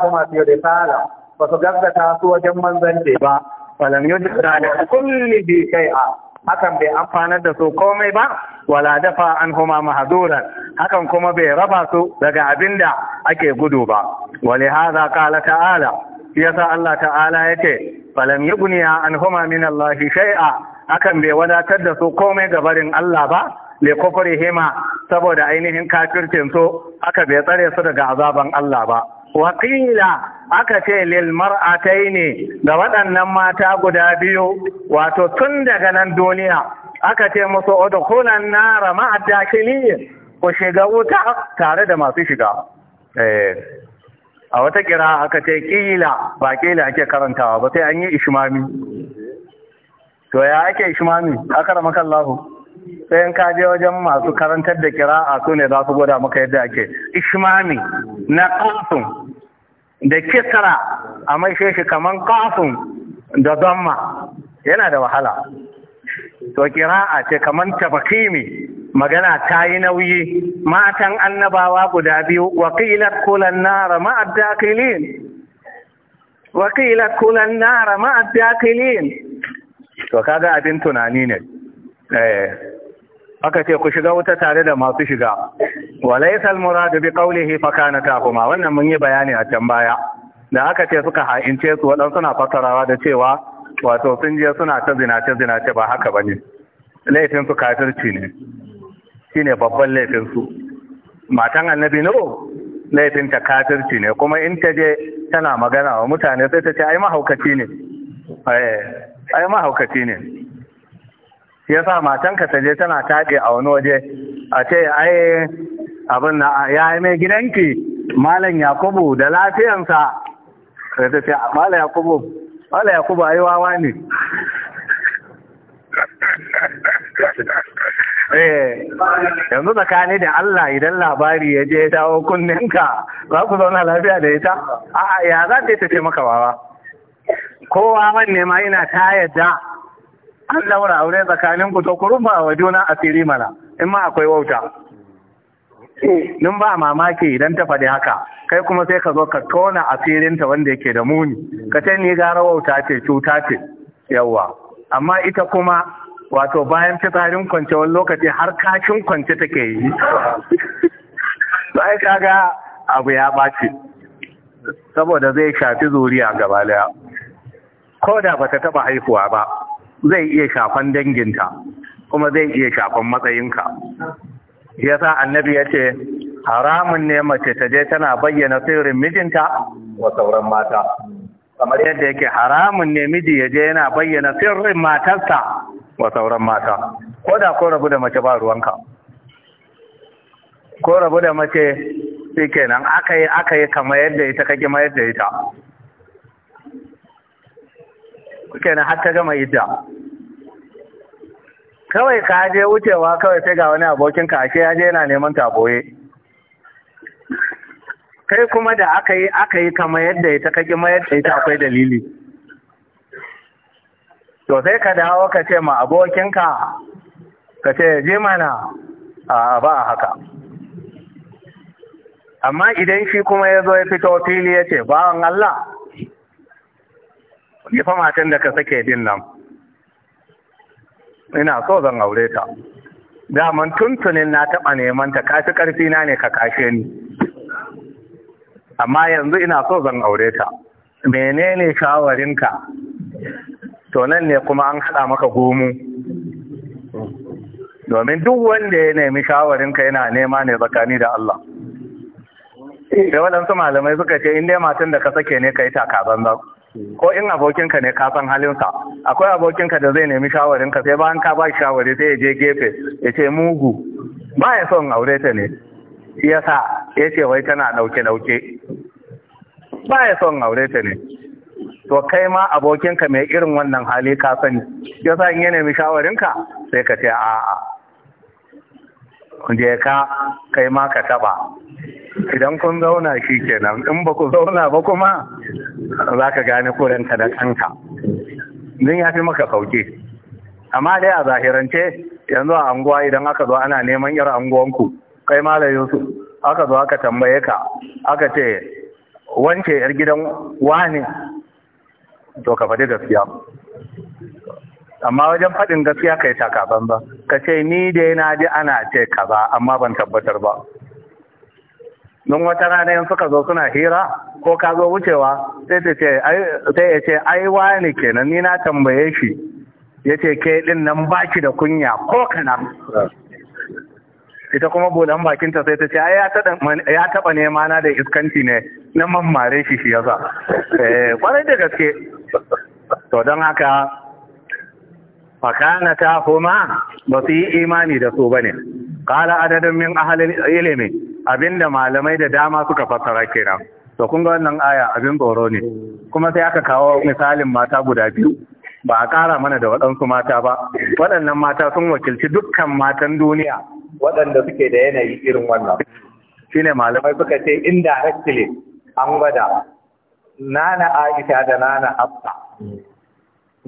kuma fi risala ba su gaggata su wajen manzance ba walam yujra da kulli bi shay'a hakan bai amfanar da su komai ba wala dafa an huma mahaduran hakan kuma bai raba su daga abinda ake gudu ba wali hadha qala ta'ala yasa Allah ta'ala yace falam an huma min Allah shay'a akan bai wadatar da su komai gabarin Allah ba le kofare hima saboda ainihin kafircin su aka bai tsare su daga azaban Allah ba wakila aka ce lil ne da waɗannan mata guda biyu wato tun daga nan duniya aka ce musu udkhulan nara ma'a dakili ku shiga wuta tare da masu shiga eh. a wata kira aka ce kila ba kila ake karantawa ba sai an yi ishmami to ya ake ishmami akara maka Allah sai in kaje wajen masu karantar da kira a su za su goda maka yadda ake ishmami na kafin da kisra a maishe shi kaman kafin da zamma yana da wahala to kira'a ce kamar tafakimi magana ta yi nauyi matan annabawa guda biyu wakilat kulan nara ma'ad dakilin wakilat kulan nara ma'ad to kaga abin tunani ne eh, aka ce ku shiga wuta tare da masu shiga walaysa almuradu bi qawlihi fa kana tahuma wannan mun yi bayani a can baya da aka ce suka ha'ince su waɗansu na fassarawa da cewa wato sun je suna ta zinace zinace ba haka ba ne laifinsu kafirci ne shi ne babban laifinsu matan annabi laifin ta kafirci ne kuma in ta je tana magana wa mutane sai ta ce ai mahaukaci ne eh, ai mahaukaci ne ya sa matanka ta je tana taɗe a wani waje a ce ai abin na ya yi mai gidanki malam yakubu da lafiyansa sai ta ce malam yakubu ala ya kuba yi wawa ne eh, yanzu tsakani da Allah idan labari ya je ya dawo kunninka za ku zauna lafiya da ita a'a ya za ta ce maka wawa kowa wanne ma ina ta yadda an laura aure tsakanin ku to ku rufa wa juna asiri mana in ma akwai wauta nun ba mamaki idan ta faɗi haka kai kuma sai ka zo ka tona asirinta wanda yake da muni ka ce ni gara wauta ce cuta ce yawa amma ita kuma wato bayan fitsarin kwance wani lokaci har kashin kwance take yi sai kaga abu ya ɓaci saboda zai shafi zuriya gaba daya ko da ba ta taɓa haihuwa ba zai iya shafan danginta kuma zai iya shafan matsayinka ya sa annabi ya ce haramun ne mace ta je tana bayyana sirrin mijinta wa sauran mata kamar yadda yake haramun ne miji ya je yana bayyana sirrin matarsa wa sauran mata ko da ko rabu da mace ba ruwanka ko rabu da mace shi kenan aka yi aka yi kamar yadda ita kake mayar da ita kenan har ta gama idda kawai ka je wucewa kawai sai ga wani abokinka ashe ya je yana neman taboye kai kuma da aka yi aka yi kama yadda ita kaki ma yadda ita akwai dalili to sai ka dawo ka ce ma abokinka ka ce je mana a ba haka amma idan shi kuma ya zo ya fito fili ya ce bawan Allah ya fa matan da ka sake din nan ina so zan aure ta daman tuntunin na taɓa neman ta kafi ƙarfi na ne ka kashe ni amma yanzu ina so zan aure ta menene shawarinka to nan ne kuma an haɗa maka gomu domin duk wanda ya nemi shawarinka yana nema ne tsakani da Allah da waɗansu malamai suka ce in dai matan da ka sake ne ka yi takazan zan ko in abokinka ne ka san halinsa akwai abokinka da zai nemi shawarinka sai bayan ka ba shi shawari sai ya je gefe ya ce mugu ba ya son aure ta ne ya sa ya ce wai tana dauke dauke ba ya son aure ta ne to kai ma abokinka mai irin wannan hali ka sani sa in ya nemi shawarinka sai ka ce a'a je ka kai ma ka taba idan kun zauna shi kenan in ba ku zauna ba kuma za ka gane kuranka da kanka din ya fi maka sauke amma dai a zahirance yanzu a anguwa idan aka zo ana neman yar anguwanku kai malam yusuf aka zo aka tambaye ka aka ce wance yar gidan wani to ka faɗi gaskiya amma wajen faɗin gaskiya kai takaban ba ka ce ni dai na ji ana ce kaza amma ban tabbatar ba don wata rana in suka zo suna hira ko ka zo wucewa sai ta ce sai ya ce ai wani kenan ni na tambaye shi ya ce ke din nan baki da kunya ko kana ita kuma bulan bakinta sai ta ce ai ya taba nema na da iskanci ne na mammare shi shi yasa eh kwarai da gaske to don haka fakana ta huma ba su yi imani da su bane kala adadin min ahalin ilimi. abinda malamai da dama suka fassara kenan to kun ga wannan aya abin tsoro ne kuma sai aka kawo misalin mata guda biyu ba a kara mana da waɗansu mata ba waɗannan mata sun wakilci dukkan matan duniya waɗanda suke da yanayi irin wannan shine malamai suka ce inda hakile an gwada nana aisha da nana afsa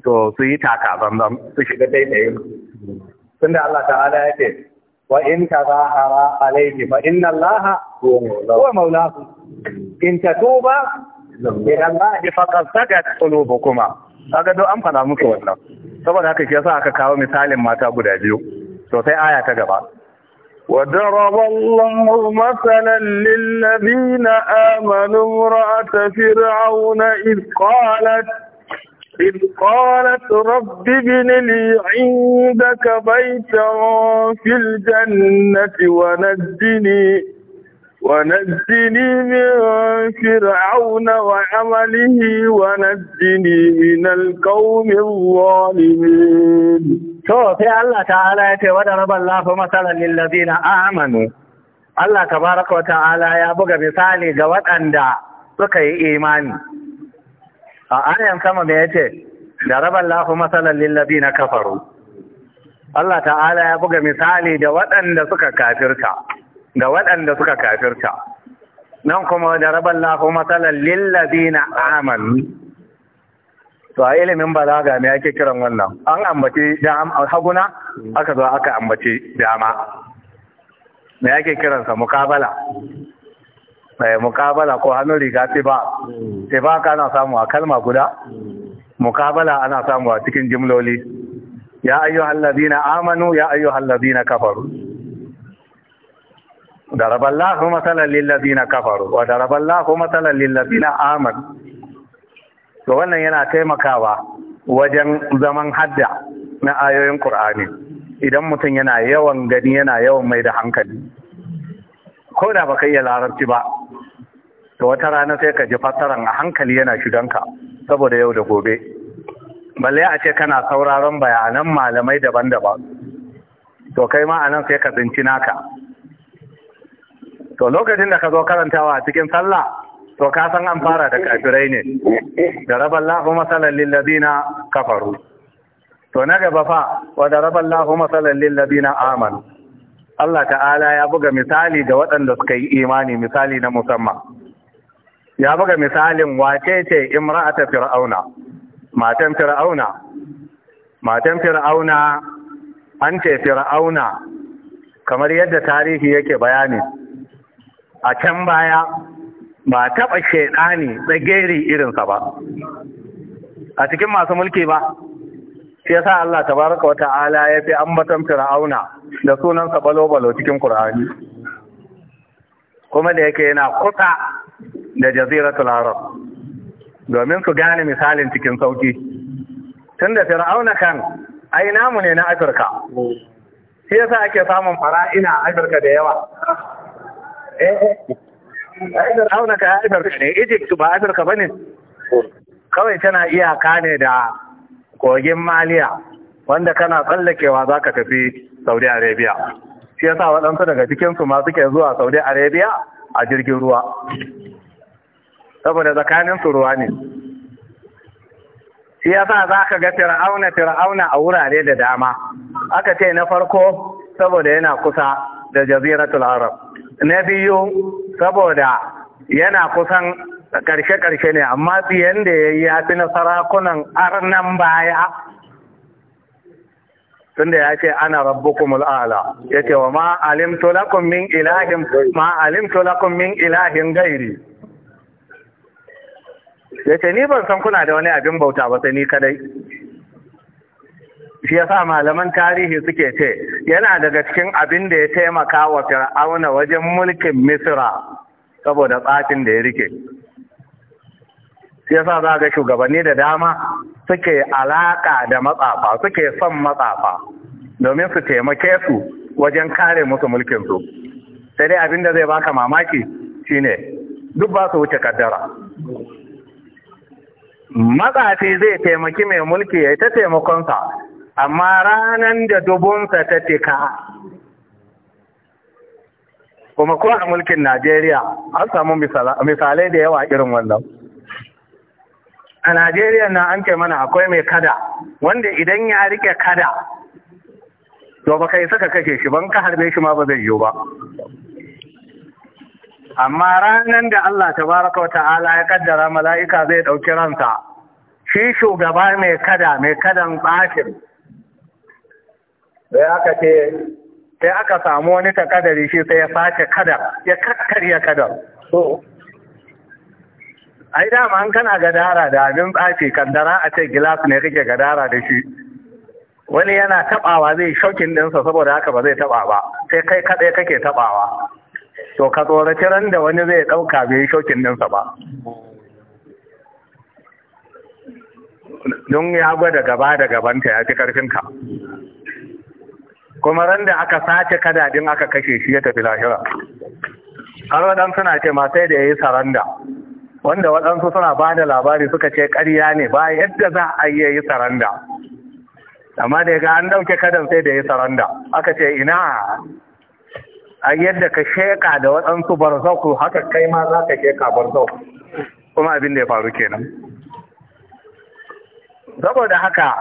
to su yi taka banban su shiga daidai tunda Allah ta'ala ya ce وإن تظاهر عليه فإن الله هو مولاه إن تتوبا إلى الله فقد سكت قلوبكما kaga don an fada musu wannan saboda haka shi yasa aka kawo misalin mata guda biyu to sai aya ta gaba وضرب الله مثلا للذين آمنوا امرأة فرعون إذ قالت إذ قالت رب ابن لي عندك بيتا في الجنة ونجني ونجني من فرعون وعمله ونجني من القوم الظالمين to sai Allah ta'ala ya ce wada rabar lafi matsalar lillazina amanu Allah tabaraka ta'ala ya buga misali ga waɗanda suka yi imani a ayan sama me yace rabar lafi masalan lillabi na kafaru Allah ta'ala ya buga misali da waɗanda suka kafirta da waɗanda suka kafirta nan kuma "Da rabar lafi masalan lillabi na aman." to a ilimin balaga me ke kiran wannan an ambaci dama haguna aka zo aka ambaci dama me ake kiransa mukabala Eh, mukabala ko hannun riga tiba tiba mm. eh, ka ana samu a kalma guda mm. mukabala ana samu a cikin jimloli ya ayyuhal ladina amanu ya ayyuhal ladina kafaru ضرب الله مثلا للذين كفروا وضرب الله مثلا للذين آمنوا to wannan yana taimakawa wajen zaman hadda na ayoyin Qur'ani idan mutum yana yawan gani yana yawan mai da hankali ko da baka iya larabci ba to wata rana sai ka ji fassaran a hankali yana shiganka saboda yau da gobe balle a ce kana sauraron bayanan malamai daban-daban to kai ma anan sai ka zinci naka to lokacin da ka zo karantawa a cikin sallah to ka san an fara da kafirai ne da rabar lahu matsalar lillazina kafaru to na gaba fa wa da rabar lahu matsalar lillazina amanu Allah ta'ala ya buga misali da waɗanda suka yi imani misali na musamman ya buga misalin wace ce imra'ata fir'auna matan fir'auna matan fir'auna an ce fir'auna kamar yadda tarihi yake bayani a can baya ba taɓa ne tsageri irinsa ba a cikin masu mulki ba shi yasa Allah tabaraka wa ta'ala ya fi ambaton fir'auna da sunansa balo-balo cikin Kur'ani? kuma da yake yana kusa da jaziratul arab domin su gane misalin cikin sauki tunda fir'auna kan ai namu ne na Afirka shi yasa ake samun fara'ina a Afirka da yawa eh, eh. fir'auna ka Afirka ne Egypt ba Afirka bane kawai tana iyaka ne da kogin maliya wanda kana tsallakewa za ka tafi saudi arabia shi yasa waɗansu daga cikinsu ma suke zuwa saudi arabia a jirgin ruwa saboda tsakaninsu ruwa ne shi yasa za ka ga fir'auna fir'auna a wurare da dama aka ce na farko saboda yana kusa da jaziratul arab na biyu saboda yana kusan Karshe-karshe ne amma tsiyan da ya yi ya fi na sarakunan arnan baya tunda ya ce ana rabbukum al'ala ya ce wa ma alimtu lakum min ilahin ma gairi ya ce ni ban san kuna da wani abin bauta ba sai ni kadai shi yasa malaman tarihi suke ce yana daga cikin abin da ya taimaka wa fir'auna wajen mulkin Misira, saboda tsafin da ya rike shi yasa za ga shugabanni da dama suke alaka da matsafa suke son matsafa domin su taimake su wajen kare musu mulkin su sai dai abin da zai baka mamaki shine duk ba su wuce kaddara matsafi zai taimaki mai mulki ya ta taimakonsa amma ranan da dubunsa ta tika kuma ko a mulkin Najeriya an samu misalai da yawa irin wannan a Najeriya na an ce mana akwai mai kada wanda idan ya rike kada to baka yi saka kake shi ban ka harbe shi ma ba zai yiwu ba amma ranar da Allah tabaraka Ta'ala ya kaddara mala'ika zai ɗauki ransa shi shugaba mai kada mai kadan bashin sai aka ce sai aka samu wani takadari shi sai ya sace kada, ya kakkarya kadar so ai dama an kana gadara da abin tsafi kandara a ce gilas ne kake gadara da shi wani yana tabawa zai shaukin ɗinsa saboda haka ba zai taba ba sai kai kaɗai kake tabawa to ka tsoraci ran da wani zai ɗauka bai shaukin ɗinsa ba don ya gwada gaba da gabanta ya fi ƙarfinka kuma ran da aka sace kadadin aka kashe shi ya tafi lahira har waɗansu na ce ma sai da ya yi saranda wanda waɗansu suna ba da labari suka ce ƙarya ne ba yadda za a yi yi saranda amma da ga an ɗauke kadan sai da yi saranda aka ce ina a yadda ka sheka da waɗansu barzaku haka kai ma za ka sheƙa barzaku kuma abin da ya faru kenan saboda haka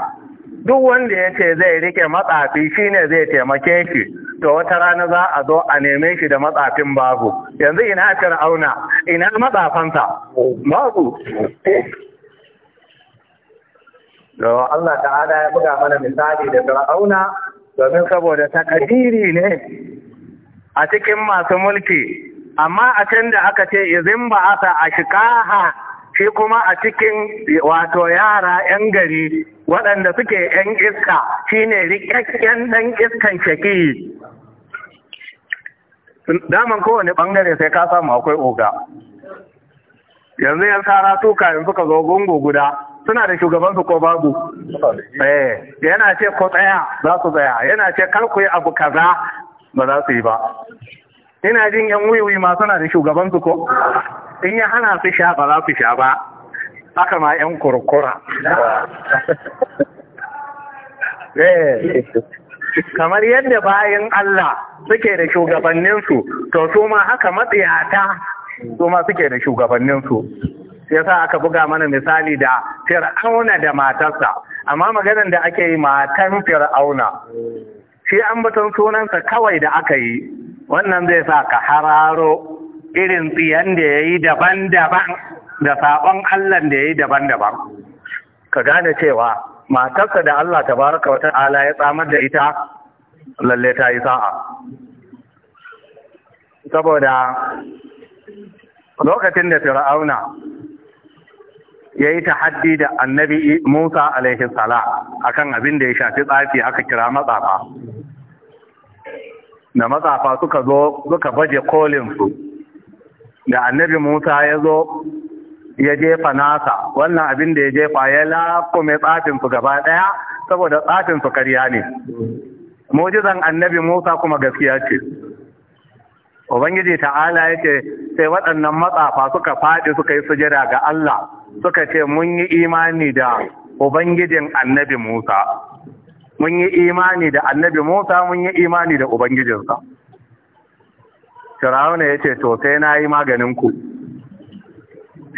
duk wanda ya ce zai rike matsafi shine zai taimake shi to wata rana za a zo a neme shi da matsafin babu yanzu ina auna, ina matsafansa babu to Allah ta'ala ya buga mana misali da fir'auna domin saboda takadiri ne a cikin masu mulki amma a can da aka ce izin ba asa a shi kuma a cikin wato yara 'yan gari waɗanda suke ‘yan iska shine rikakken ɗan iskan shaki daman kowane ɓangare sai ka samu akwai oga yanzu yan tara tuka yin suka zo gungu guda suna da shugaban su ko babu eh, yana ce ko tsaya za su tsaya yana ce kar ku yi abu kaza ba za su yi ba ina jin yan wiwi ma suna da shugaban su ko in ya hana su sha ba za su sha ba haka ma yan kurkura eh. kamar yadda bayan Allah suke da shugabanninsu to su ma haka matsiyata su ma suke da shugabanninsu yasa aka buga mana misali da fir'auna da matarsa amma maganar da ake yi matan fir'auna shi an batun sunansa kawai da aka yi wannan zai sa ka hararo irin tsiyan da ya yi daban-daban da sabon Allah da ya yi daban-daban ka gane cewa matarsa da Allah Ta wata ala ya tsamar da ita lalle ta yi sa'a saboda lokacin da fir'auna ya yi ta haddi da annabi Musa alaihi a kan abin da ya shafi tsafi aka kira matsafa da matsafa suka zo suka baje kolinsu da annabi Musa ya zo ya jefa nasa wannan abin da ya jefa ya lakume tsafin su gaba ɗaya saboda tsafin su karya ne mujizan annabi Musa kuma gaskiya ce ubangiji ta'ala yace sai waɗannan matsafa suka faɗi suka yi sujada ga Allah suka ce mun yi imani da ubangijin annabi Musa mun yi imani da annabi Musa mun yi imani da ubangijinsa Firawuna ya ce to sai na yi maganin ku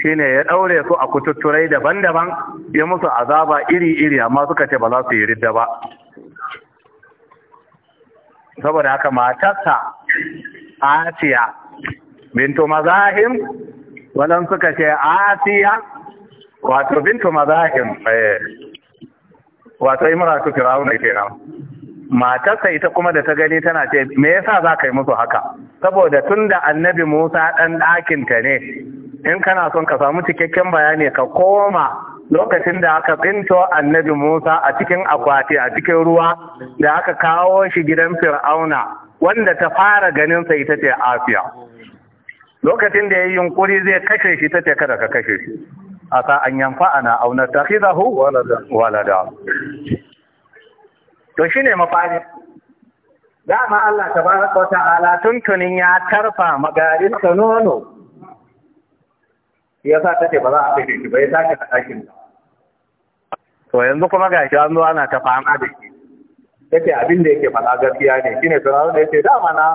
shine ya daure su a kututturai daban-daban ya musu azaba iri-iri amma suka ce ba za su yi ridda ba saboda haka matarsa Asiya bintu mazahim walan suka ce Asiya wato bintu mazahim eh, wato imratu ke kenan matarsa ita kuma da ta gani tana ce me yasa za ka yi musu haka saboda tun da annabi musa ɗan ɗakinta ne in kana son ka samu cikakken bayani ka koma lokacin da aka tsinto annabi Musa a cikin akwati a cikin ruwa da aka kawo shi gidan Fir'auna wanda ta fara ganin sa ita ce Afiya. lokacin da yayin yunkuri zai kashe shi ta ce kada ka kashe shi sa an yanfa ana auna takhidahu walada walada to shine mafari dama Allah tabaraka wa ta'ala tuntunin ya tarfa magarin nono ya sa ta ce ba za a kashe shi ba ya tashi a ɗakin ta to yanzu kuma ga shi an zo ana ta fama da shi ta ce abin da yake faɗa gaskiya ne shine fir'aun da ya ce dama na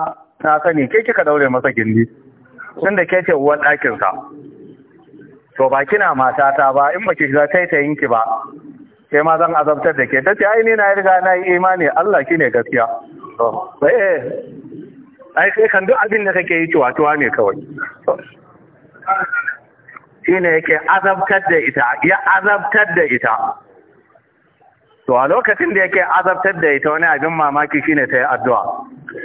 na sani ke kika daure masa gindi tun da ke ce uwar ɗakin sa to ba kina matata ba in ba ki shiga kai ta ki ba sai ma zan azabtar da ke ta ce ai ni na riga na yi imani Allah shine gaskiya to eh ai kai kan duk abin da kake yi ciwa ne kawai shine yake azabtar da ita ya azabtar da ita to a lokacin da yake azabtar da ita wani abin mamaki shine ta yi addu'a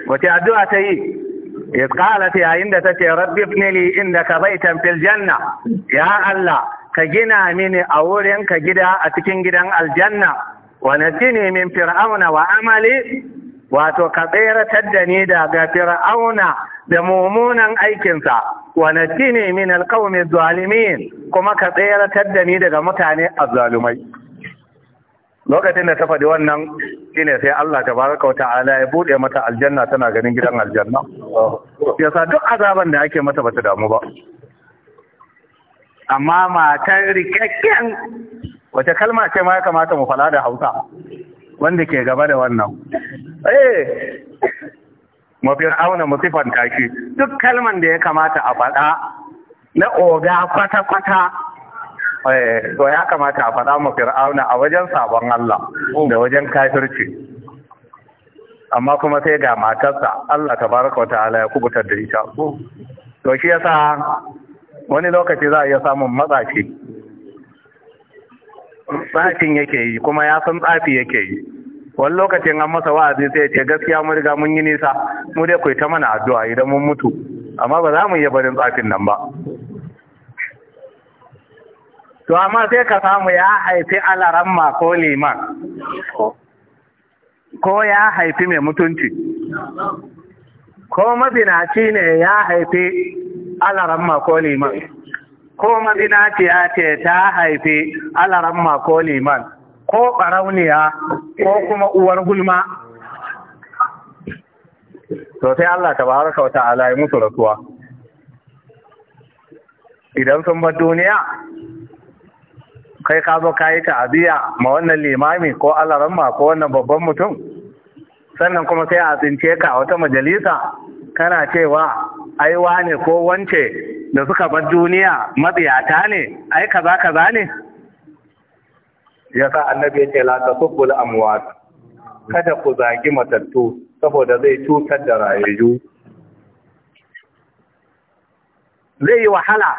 wace addu'a ta yi ya ta yayin da ta ce rabbi ibnili inda ka baitan fil janna ya Allah ka gina mini a wurin ka gida a cikin gidan aljanna wa nasini min fir'auna wa amali wato ka tsere da ni daga fir'auna da mummunan aikinsa min ونجني zalimin kuma Kuma كما da ni daga mutane azzalumai lokacin da ta faɗi wannan shine sai Allah ta baraka wa ta'ala ya buɗe mata aljanna tana ganin gidan aljanna Ya sa duk azaban da ake mata bata damu ba amma matan rikakken wata kalma ce ma ya kamata mu fala da Hausa wanda ke gaba da wannan eh mu fir'auna duk kalman da ya kamata a faɗa na oga kwata-kwata eh, to ya kamata a faɗa mu fir'auna a wajen sabon Allah da wajen kafirci amma kuma sai ga matarsa Allah ta wa ta'ala ya kubutar da ita to shi yasa wani lokaci za a iya samun matsaci tsafin yake yi kuma ya san tsafi yake yi wani lokacin an masa wa'azi sai ce gaskiya mun riga mun yi nisa mu dai koi ta mana addu'a idan mun mutu amma ba za mu iya barin tsafin nan ba to amma sai ka samu ya haifi ma ko liman ko ya haifi mai mutunci ko mazinaci ne ya haifi ma ko liman ko mazinaci ya ce ta haifi ma ko liman ko barauniya ko kuma uwar gulma to sai Allah ta wa ta'ala ya musu rasuwa idan sun bar duniya kai ka zo ka yi ta'aziyya ma wannan limami ko alaramma ko wannan babban mutum sannan kuma sai a tsince ka a wata majalisa kana cewa aiwa ne ko wance da suka bar duniya matsiyata ne ai kaza kaza ne ya sa annabi ya ce la tasubbul amwat kada ku zagi matattu saboda zai cutar da rayu. zai yi wahala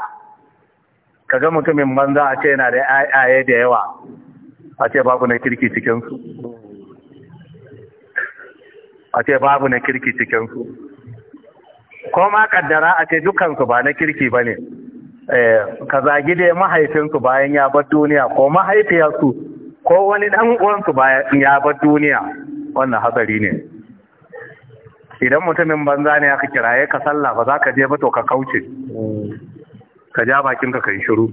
kaga mutumin banza a ce yana da ayaye da yawa a ce babu na kirki cikinsu a ce babu na kirki cikinsu ko ma kaddara a ce dukansu ba na kirki ba ne Eh, ka zagi dai mahaifinsu bayan ya bar duniya ko mahaifiyarsu ko wani ɗan uwansu bayan ya bar duniya wannan hatsari ne idan mutumin banza ne aka kiraye ka sallah ba za ka je ba to ka kauce ka ja bakin ka kai shiru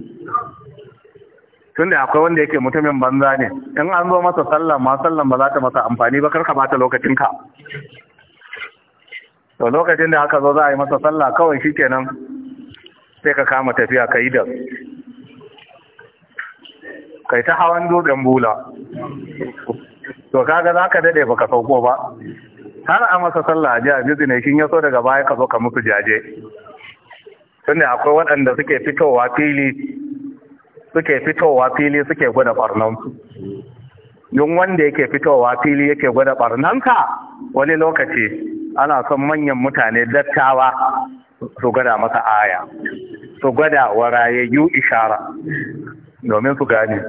tunda akwai wanda yake mutumin banza ne in an zo masa sallah ma sallan ba za ta masa amfani ba kar ka bata lokacin ka to lokacin da aka zo za a yi masa sallah kawai shikenan sai ka kama tafiya ka yi da kai ta hawan dogon bula to kaga za ka daɗe ba ka sauko ba har a masa sallah ji a ne shi ya so daga baya ka zo ka mutu jaje tunda akwai waɗanda suke fitowa fili suke fitowa fili suke gwada ɓarnan? don wanda yake fitowa fili yake gwada barnanka wani lokaci ana son manyan mutane dattawa su gwada masa aya su gwada wa rayayyu ishara domin su gane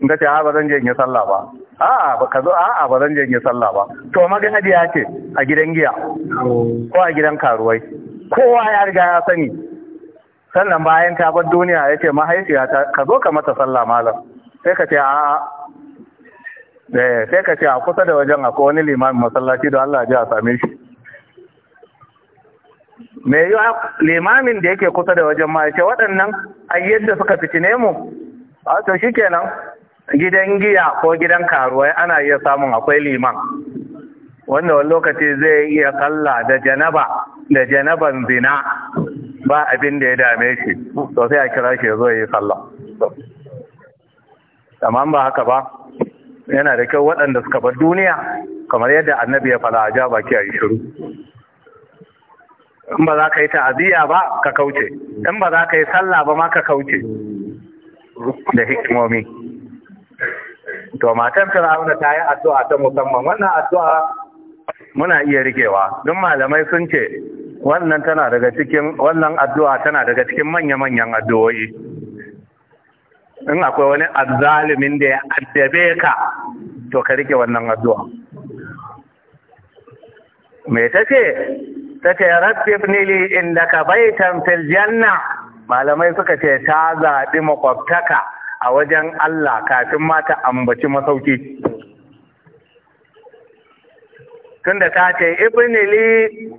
in ka ce ha ba zan je in yi sallah ba a'a ba ka zo a'a ba zan je in yi sallah ba to magana ya ce a gidan giya ko a gidan karuwai kowa ya riga ya sani sannan bayan ta bar duniya ya ce mahaifiya ta ka zo ka mata sallah malam sai ka ce a'a eh, sai ka ce a kusa da wajen akwai wani limamin masallaci da Allah ya ji a same shi me yi limamin da yake kusa da wajen ma ce waɗannan ayyar da suka fiti mu a to shi kenan gidan giya ko gidan karuwai ana iya samun akwai liman wanda wani lokaci zai iya sallah da janaba da janaban zina ba abin da ya dame shi to sai a kira shi zo yi sallah amma ba haka ba yana da kyau waɗanda suka bar duniya kamar yadda annabi ya fara a ja baki a yi shiru in ba za ka yi ta'aziyya ba ka kauce in ba za ka yi sallah ba ma ka kauce da hikimomi to matan fir'auna ta yi addu'a ta musamman wannan addu'a muna iya rikewa don malamai sun ce wannan tana daga cikin wannan addu'a tana daga cikin manya-manyan addu'o'i in akwai wani azalimin da ya addabe ka to ka rike wannan addu'a me ta ce ta ce rattib nili da ka bai tamfil janna malamai suka ce ta zaɓi makwabtaka a wajen Allah kafin ma ambaci masauki tunda ta ce ibnili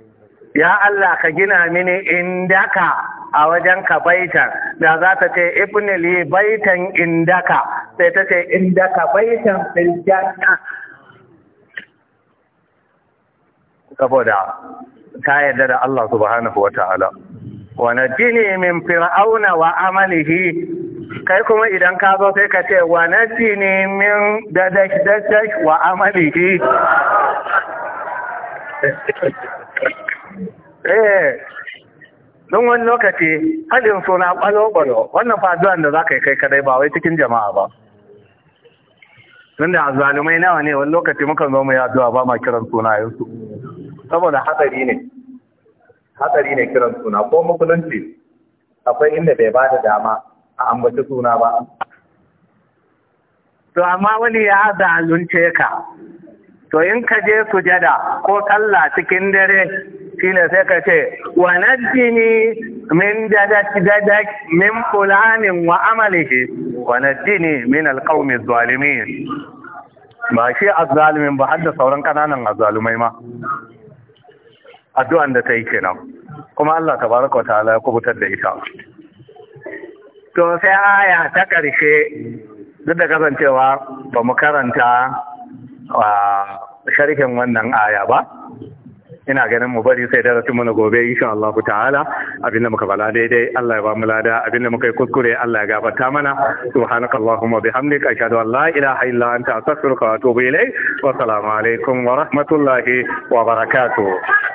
ya Allah ka gina mini indaka a wajen ka baitan da za ta ce ibn baitan indaka sai ta ce indaka baitan fil janna saboda ka yarda da Allah subhanahu wa ta'ala Wane jini min fir'auna wa amalihi kai kuma idan ka zo sai ka ce wane jini min dadashdash wa amalihi eh don wani lokaci halin suna ɓalo-ɓalo wannan fazuwan da za ka yi kai kadai ba wai cikin jama'a ba Tunda azalumai nawa ne wani lokaci muka zo mu yaduwa ba ma kiran sunayensu saboda hatsari ne hatsari ne kiran suna ko musulunci akwai inda bai ba da dama a ambaci suna ba to amma wani ya zalunce ka to in ka je sujada ko sallah cikin dare shine sai ka ce wa najjini min dadak min fulanin wa amalihi wa najjini min alqawmi zalimin ba shi azzalumin ba har da sauran ƙananan azzalumai ma addu'an da ta yi kenan kuma Allah ta tabaraka ta'ala ya kubutar da ita to sai aya ta ƙarshe duk da kasancewa ba mu karanta a sharhin wannan aya ba ina ganin mu bari sai darasin mana gobe insha Allah ta'ala abinda muka bala daidai Allah ya ba mu lada abinda muka yi kuskure Allah ya gabata mana subhanakallahumma bihamdika ashhadu an la ilaha illa anta astaghfiruka wa atubu ilayk wa assalamu alaikum wa rahmatullahi wa barakatuh